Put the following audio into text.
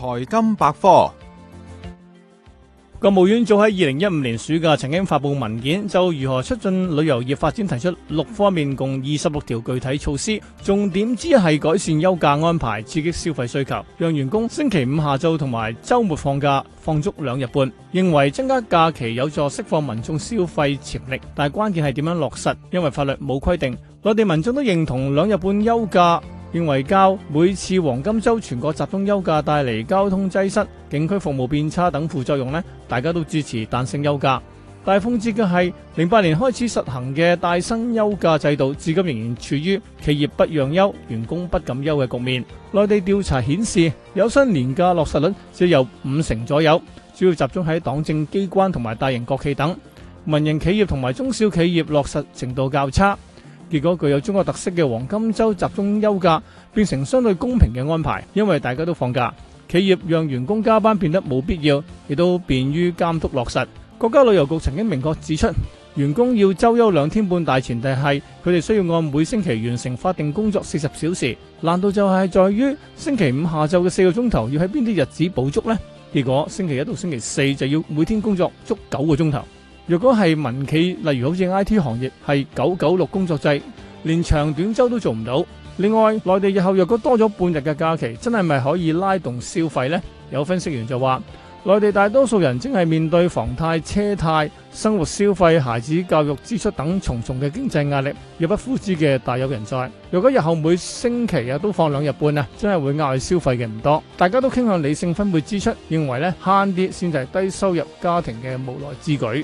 財金百科，國務院早喺二零一五年暑假曾經發布文件，就如何促進旅遊業發展提出六方面共二十六條具體措施。重點之一係改善休假安排，刺激消費需求，讓員工星期五下晝同埋周末放假放足兩日半。認為增加假期有助釋放民眾消費潛力，但係關鍵係點樣落實，因為法律冇規定，內地民眾都認同兩日半休假。認為較每次黃金周全國集中休假帶嚟交通擠塞、景區服務變差等副作用，大家都支持彈性休假。大豐指嘅係，零八年開始實行嘅帶薪休假制度，至今仍然處於企業不讓休、員工不敢休嘅局面。內地調查顯示，有薪年假落實率只有五成左右，主要集中喺黨政機關同埋大型國企等，民營企業同埋中小企業落實程度較差。結果具有中國特色嘅黃金周集中休假變成相對公平嘅安排，因為大家都放假，企業讓員工加班變得冇必要，亦都便於監督落實。國家旅遊局曾經明確指出，員工要周休兩天半，大前提係佢哋需要按每星期完成法定工作四十小時。難度就係在於星期五下晝嘅四個鐘頭要喺邊啲日子補足呢？結果星期一到星期四就要每天工作足九個鐘頭。如果係民企，例如好似 IT 行業，係九九六工作制，連長短週都做唔到。另外，內地日後若果多咗半日嘅假期，真係咪可以拉動消費呢？有分析員就話：內地大多數人正係面對房貸、車貸、生活消費、孩子教育支出等重重嘅經濟壓力，入不敷支嘅大有人在。如果日後每星期啊都放兩日半啊，真係會額外消費嘅唔多。大家都傾向理性分配支出，認為呢慳啲先就係低收入家庭嘅無奈之舉。